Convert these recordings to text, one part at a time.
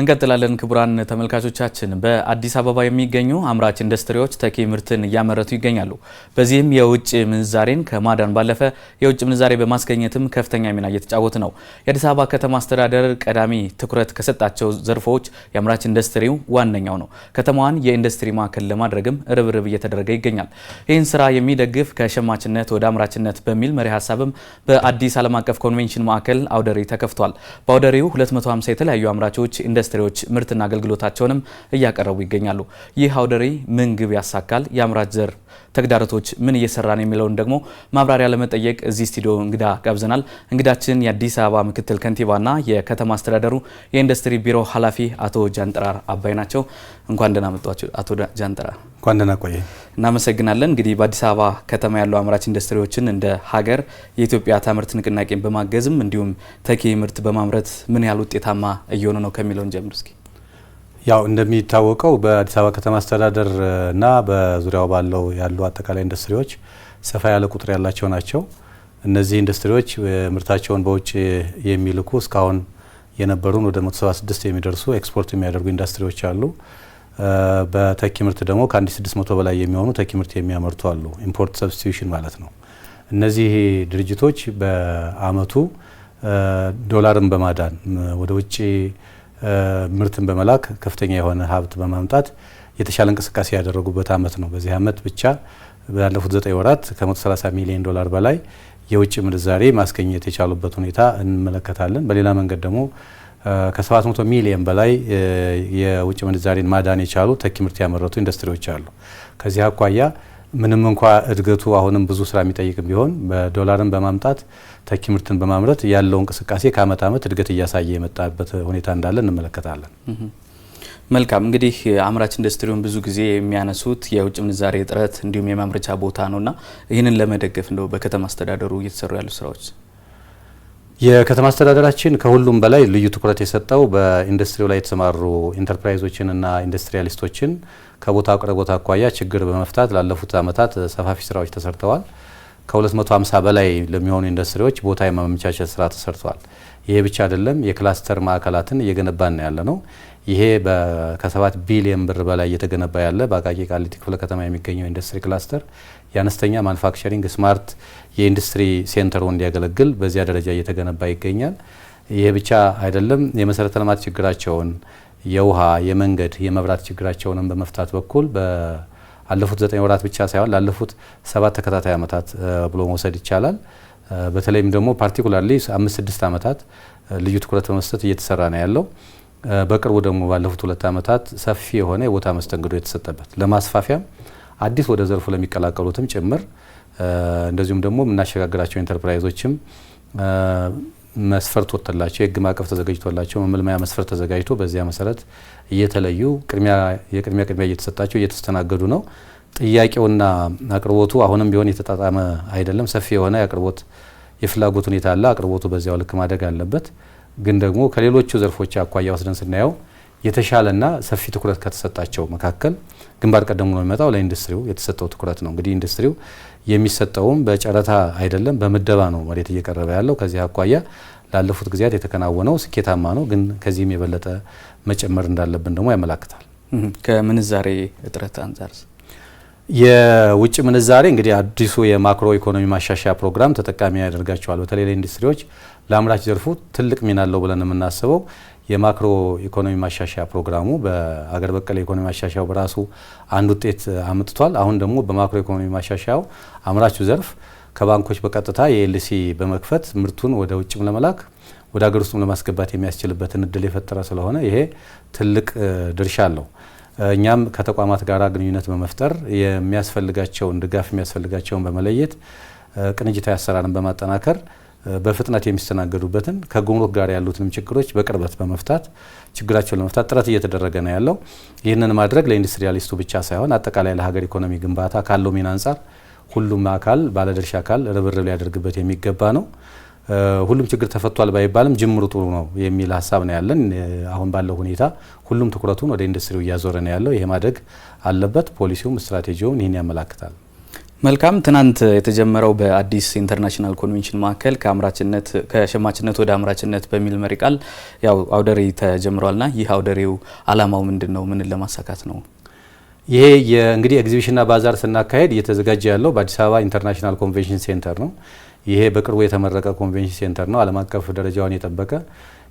እንቀጥላለን ክቡራን ተመልካቾቻችን። በአዲስ አበባ የሚገኙ አምራች ኢንዱስትሪዎች ተኪ ምርትን እያመረቱ ይገኛሉ። በዚህም የውጭ ምንዛሬን ከማዳን ባለፈ የውጭ ምንዛሬ በማስገኘትም ከፍተኛ ሚና እየተጫወቱ ነው። የአዲስ አበባ ከተማ አስተዳደር ቀዳሚ ትኩረት ከሰጣቸው ዘርፎች የአምራች ኢንዱስትሪው ዋነኛው ነው። ከተማዋን የኢንዱስትሪ ማዕከል ለማድረግም ርብርብ እየተደረገ ይገኛል። ይህን ስራ የሚደግፍ ከሸማችነት ወደ አምራችነት በሚል መሪ ሀሳብም በአዲስ ዓለም አቀፍ ኮንቬንሽን ማዕከል አውደሪ ተከፍቷል። በአውደሪው 250 የተለያዩ አምራቾች ኢንዱስትሪዎች ምርትና አገልግሎታቸውንም እያቀረቡ ይገኛሉ። ይህ አውደ ርዕይ ምን ግብ ያሳካል? የአምራች ዘር ተግዳሮቶች ምን እየሰራን የሚለውን ደግሞ ማብራሪያ ለመጠየቅ እዚህ ስቱዲዮ እንግዳ ጋብዘናል። እንግዳችን የአዲስ አበባ ምክትል ከንቲባና የከተማ አስተዳደሩ የኢንዱስትሪ ቢሮ ኃላፊ አቶ ጃንጥራር አባይ ናቸው። እንኳን ደህና አቶ ጃንጥራር። እንኳን ደህና ቆየ። እናመሰግናለን። እንግዲህ በአዲስ አበባ ከተማ ያሉ አምራች ኢንዱስትሪዎችን እንደ ሀገር የኢትዮጵያ ታምርት ንቅናቄን በማገዝም እንዲሁም ተኪ ምርት በማምረት ምን ያህል ውጤታማ እየሆኑ ነው ከሚለውን ጀምር እስኪ ያው እንደሚታወቀው በአዲስ አበባ ከተማ አስተዳደር እና በዙሪያው ባለው ያሉ አጠቃላይ ኢንዱስትሪዎች ሰፋ ያለ ቁጥር ያላቸው ናቸው። እነዚህ ኢንዱስትሪዎች ምርታቸውን በውጭ የሚልኩ እስካሁን የነበሩን ወደ 176 የሚደርሱ ኤክስፖርት የሚያደርጉ ኢንዱስትሪዎች አሉ። በተኪ ምርት ደግሞ ከ1600 በላይ የሚሆኑ ተኪ ምርት የሚያመርቱ አሉ። ኢምፖርት ሰብስቲቱሽን ማለት ነው። እነዚህ ድርጅቶች በአመቱ ዶላርን በማዳን ወደ ውጭ ምርትን በመላክ ከፍተኛ የሆነ ሀብት በማምጣት የተሻለ እንቅስቃሴ ያደረጉበት አመት ነው። በዚህ አመት ብቻ ባለፉት ዘጠኝ ወራት ከ130 ሚሊዮን ዶላር በላይ የውጭ ምንዛሬ ማስገኘት የቻሉበት ሁኔታ እንመለከታለን። በሌላ መንገድ ደግሞ ከ700 ሚሊዮን በላይ የውጭ ምንዛሬን ማዳን የቻሉ ተኪ ምርት ያመረቱ ኢንዱስትሪዎች አሉ። ከዚህ አኳያ ምንም እንኳ እድገቱ አሁንም ብዙ ስራ የሚጠይቅም ቢሆን በዶላርን በማምጣት ተኪ ምርትን በማምረት ያለው እንቅስቃሴ ከአመት አመት እድገት እያሳየ የመጣበት ሁኔታ እንዳለ እንመለከታለን። መልካም እንግዲህ አምራች ኢንዱስትሪውን ብዙ ጊዜ የሚያነሱት የውጭ ምንዛሬ እጥረት እንዲሁም የማምረቻ ቦታ ነውና ይህንን ለመደገፍ እንደው በከተማ አስተዳደሩ እየተሰሩ ያሉ ስራዎች የከተማ አስተዳደራችን ከሁሉም በላይ ልዩ ትኩረት የሰጠው በኢንዱስትሪው ላይ የተሰማሩ ኢንተርፕራይዞችንና ኢንዱስትሪያሊስቶችን ከቦታ አቅርቦት አኳያ ችግር በመፍታት ላለፉት ዓመታት ሰፋፊ ስራዎች ተሰርተዋል። ከ250 በላይ ለሚሆኑ ኢንዱስትሪዎች ቦታ የማመቻቸት ስራ ተሰርተዋል። ይሄ ብቻ አይደለም፣ የክላስተር ማዕከላትን እየገነባን ያለ ነው። ይሄ ከሰባት ቢሊየን ብር በላይ እየተገነባ ያለ በአቃቂ ቃሊቲ ክፍለ ከተማ የሚገኘው ኢንዱስትሪ ክላስተር የአነስተኛ ማኑፋክቸሪንግ ስማርት የኢንዱስትሪ ሴንተር እንዲያገለግል በዚያ ደረጃ እየተገነባ ይገኛል። ይሄ ብቻ አይደለም። የመሰረተ ልማት ችግራቸውን የውሃ፣ የመንገድ፣ የመብራት ችግራቸውንም በመፍታት በኩል በአለፉት ዘጠኝ ወራት ብቻ ሳይሆን ላለፉት ሰባት ተከታታይ ዓመታት ብሎ መውሰድ ይቻላል። በተለይም ደግሞ ፓርቲኩላርሊ አምስት ስድስት ዓመታት ልዩ ትኩረት በመስጠት እየተሰራ ነው ያለው። በቅርቡ ደግሞ ባለፉት ሁለት ዓመታት ሰፊ የሆነ የቦታ መስተንግዶ የተሰጠበት ለማስፋፊያም አዲስ ወደ ዘርፉ ለሚቀላቀሉትም ጭምር እንደዚሁም ደግሞ የምናሸጋግራቸው ኢንተርፕራይዞችም መስፈርት ወጥቶላቸው የህግ ማዕቀፍ ተዘጋጅቶላቸው መመልመያ መስፈርት ተዘጋጅቶ በዚያ መሰረት እየተለዩ የቅድሚያ ቅድሚያ እየተሰጣቸው እየተስተናገዱ ነው። ጥያቄውና አቅርቦቱ አሁንም ቢሆን የተጣጣመ አይደለም። ሰፊ የሆነ የአቅርቦት የፍላጎት ሁኔታ አለ። አቅርቦቱ በዚያው ልክ ማደግ አለበት። ግን ደግሞ ከሌሎቹ ዘርፎች አኳያ ወስደን ስናየው የተሻለና ሰፊ ትኩረት ከተሰጣቸው መካከል ግንባር ቀደሙ ነው የሚመጣው ለኢንዱስትሪው የተሰጠው ትኩረት ነው። እንግዲህ ኢንዱስትሪው የሚሰጠውም በጨረታ አይደለም፣ በምደባ ነው መሬት እየቀረበ ያለው። ከዚህ አኳያ ላለፉት ጊዜያት የተከናወነው ስኬታማ ነው፣ ግን ከዚህም የበለጠ መጨመር እንዳለብን ደግሞ ያመላክታል። ከምንዛሬ እጥረት አንጻር የውጭ ምንዛሬ እንግዲህ አዲሱ የማክሮ ኢኮኖሚ ማሻሻያ ፕሮግራም ተጠቃሚ ያደርጋቸዋል። በተለይ ለኢንዱስትሪዎች ለአምራች ዘርፉ ትልቅ ሚና አለው ብለን የምናስበው የማክሮ ኢኮኖሚ ማሻሻያ ፕሮግራሙ በአገር በቀል ኢኮኖሚ ማሻሻያው በራሱ አንድ ውጤት አምጥቷል። አሁን ደግሞ በማክሮ ኢኮኖሚ ማሻሻያው አምራቹ ዘርፍ ከባንኮች በቀጥታ የኤልሲ በመክፈት ምርቱን ወደ ውጭም ለመላክ ወደ ሀገር ውስጥም ለማስገባት የሚያስችልበትን እድል የፈጠረ ስለሆነ ይሄ ትልቅ ድርሻ አለው። እኛም ከተቋማት ጋር ግንኙነት በመፍጠር የሚያስፈልጋቸውን ድጋፍ የሚያስፈልጋቸውን በመለየት ቅንጅታዊ አሰራርን በማጠናከር በፍጥነት የሚስተናገዱበትን ከጉምሩክ ጋር ያሉትንም ችግሮች በቅርበት በመፍታት ችግራቸውን ለመፍታት ጥረት እየተደረገ ነው ያለው። ይህንን ማድረግ ለኢንዱስትሪያሊስቱ ብቻ ሳይሆን አጠቃላይ ለሀገር ኢኮኖሚ ግንባታ ካለው ሚና አንጻር ሁሉም አካል ባለድርሻ አካል ርብርብ ሊያደርግበት የሚገባ ነው። ሁሉም ችግር ተፈቷል ባይባልም ጅምሩ ጥሩ ነው የሚል ሀሳብ ነው ያለን። አሁን ባለው ሁኔታ ሁሉም ትኩረቱን ወደ ኢንዱስትሪው እያዞረ ነው ያለው። ይሄ ማደግ አለበት። ፖሊሲውም ስትራቴጂውም ይህን ያመላክታል። መልካም። ትናንት የተጀመረው በአዲስ ኢንተርናሽናል ኮንቬንሽን ማዕከል ከአምራችነት ከሸማችነት ወደ አምራችነት በሚል መሪ ቃል ያው አውደሪ ተጀምሯልና ይህ አውደሪው አላማው ምንድን ነው? ምንን ለማሳካት ነው? ይሄ እንግዲህ ኤግዚቢሽንና ባዛር ስናካሄድ እየተዘጋጀ ያለው በአዲስ አበባ ኢንተርናሽናል ኮንቬንሽን ሴንተር ነው። ይሄ በቅርቡ የተመረቀ ኮንቬንሽን ሴንተር ነው። ዓለም አቀፍ ደረጃውን የጠበቀ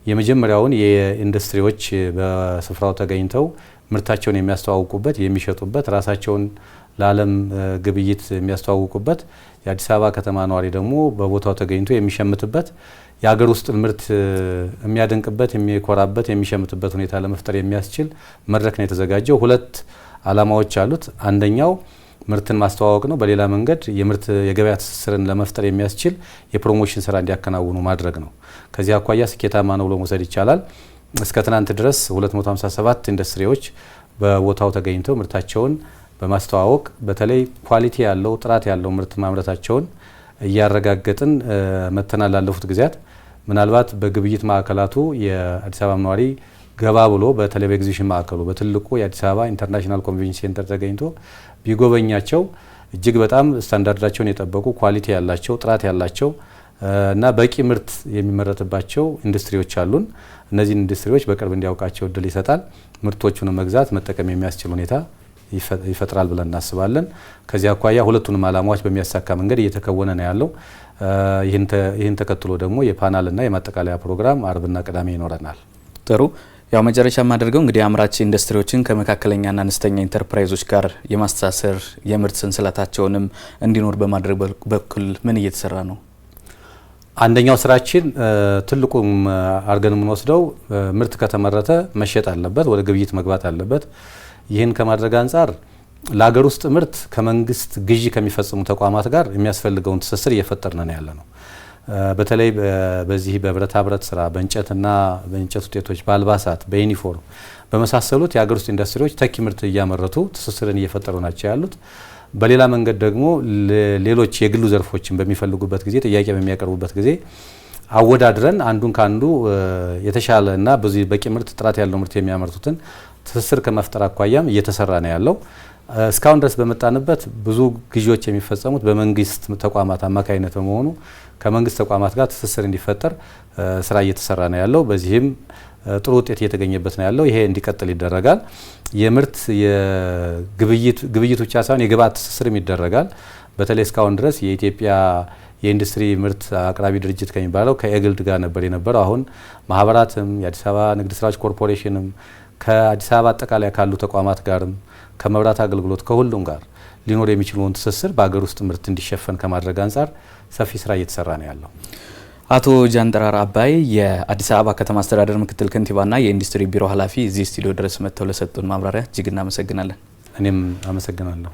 የመጀመሪያውን የኢንዱስትሪዎች በስፍራው ተገኝተው ምርታቸውን የሚያስተዋውቁበት የሚሸጡበት፣ ራሳቸውን ለዓለም ግብይት የሚያስተዋውቁበት፣ የአዲስ አበባ ከተማ ነዋሪ ደግሞ በቦታው ተገኝቶ የሚሸምትበት፣ የሀገር ውስጥ ምርት የሚያደንቅበት፣ የሚኮራበት፣ የሚሸምትበት ሁኔታ ለመፍጠር የሚያስችል መድረክ ነው የተዘጋጀው። ሁለት ዓላማዎች አሉት። አንደኛው ምርትን ማስተዋወቅ ነው። በሌላ መንገድ የምርት የገበያ ትስስርን ለመፍጠር የሚያስችል የፕሮሞሽን ስራ እንዲያከናውኑ ማድረግ ነው። ከዚህ አኳያ ስኬታማ ነው ብሎ መውሰድ ይቻላል። እስከ ትናንት ድረስ 257 ኢንዱስትሪዎች በቦታው ተገኝተው ምርታቸውን በማስተዋወቅ በተለይ ኳሊቲ ያለው ጥራት ያለው ምርት ማምረታቸውን እያረጋገጥን መተናል ላለፉት ጊዜያት ምናልባት በግብይት ማዕከላቱ የአዲስ አበባ ነዋሪ ገባ ብሎ በተለይ በኤግዚቢሽን ማዕከሉ በትልቁ የአዲስ አበባ ኢንተርናሽናል ኮንቬንሽን ሴንተር ተገኝቶ ቢጎበኛቸው እጅግ በጣም ስታንዳርዳቸውን የጠበቁ ኳሊቲ ያላቸው ጥራት ያላቸው እና በቂ ምርት የሚመረትባቸው ኢንዱስትሪዎች አሉን። እነዚህን ኢንዱስትሪዎች በቅርብ እንዲያውቃቸው እድል ይሰጣል። ምርቶቹን መግዛት መጠቀም የሚያስችል ሁኔታ ይፈጥራል ብለን እናስባለን። ከዚህ አኳያ ሁለቱንም ዓላማዎች በሚያሳካ መንገድ እየተከወነ ነው ያለው። ይህን ተከትሎ ደግሞ የፓናልና የማጠቃለያ ፕሮግራም አርብና ቅዳሜ ይኖረናል። ጥሩ ያው መጨረሻ የማደርገው እንግዲህ አምራች ኢንዱስትሪዎችን ከመካከለኛና አነስተኛ ኢንተርፕራይዞች ጋር የማስተሳሰር የምርት ሰንሰለታቸውንም እንዲኖር በማድረግ በኩል ምን እየተሰራ ነው? አንደኛው ስራችን ትልቁም አድርገን የምንወስደው ምርት ከተመረተ መሸጥ አለበት፣ ወደ ግብይት መግባት አለበት። ይህን ከማድረግ አንጻር ለሀገር ውስጥ ምርት ከመንግስት ግዢ ከሚፈጽሙ ተቋማት ጋር የሚያስፈልገውን ትስስር እየፈጠርን ነው ያለ ነው። በተለይ በዚህ በብረታ ብረት ስራ፣ በእንጨትና በእንጨት ውጤቶች፣ በአልባሳት፣ በዩኒፎርም በመሳሰሉት የሀገር ውስጥ ኢንዱስትሪዎች ተኪ ምርት እያመረቱ ትስስርን እየፈጠሩ ናቸው ያሉት። በሌላ መንገድ ደግሞ ሌሎች የግሉ ዘርፎችን በሚፈልጉበት ጊዜ ጥያቄ በሚያቀርቡበት ጊዜ አወዳድረን አንዱን ከአንዱ የተሻለ እና በዚህ በቂ ምርት ጥራት ያለው ምርት የሚያመርቱትን ትስስር ከመፍጠር አኳያም እየተሰራ ነው ያለው። እስካሁን ድረስ በመጣንበት ብዙ ግዢዎች የሚፈጸሙት በመንግስት ተቋማት አማካኝነት በመሆኑ ከመንግስት ተቋማት ጋር ትስስር እንዲፈጠር ስራ እየተሰራ ነው ያለው። በዚህም ጥሩ ውጤት እየተገኘበት ነው ያለው። ይሄ እንዲቀጥል ይደረጋል። የምርት ግብይት ብቻ ሳይሆን የግብአት ትስስርም ይደረጋል። በተለይ እስካሁን ድረስ የኢትዮጵያ የኢንዱስትሪ ምርት አቅራቢ ድርጅት ከሚባለው ከኤግልድ ጋር ነበር የነበረው። አሁን ማህበራትም የአዲስ አበባ ንግድ ስራዎች ኮርፖሬሽንም ከአዲስ አበባ አጠቃላይ ካሉ ተቋማት ጋርም ከመብራት አገልግሎት ከሁሉም ጋር ሊኖር የሚችለውን ትስስር በሀገር ውስጥ ምርት እንዲሸፈን ከማድረግ አንጻር ሰፊ ስራ እየተሰራ ነው ያለው። አቶ ጃንጥራር አባይ የአዲስ አበባ ከተማ አስተዳደር ምክትል ከንቲባና የኢንዱስትሪ ቢሮ ኃላፊ እዚህ ስቱዲዮ ድረስ መጥተው ለሰጡን ማብራሪያ እጅግ እናመሰግናለን። እኔም አመሰግናለሁ።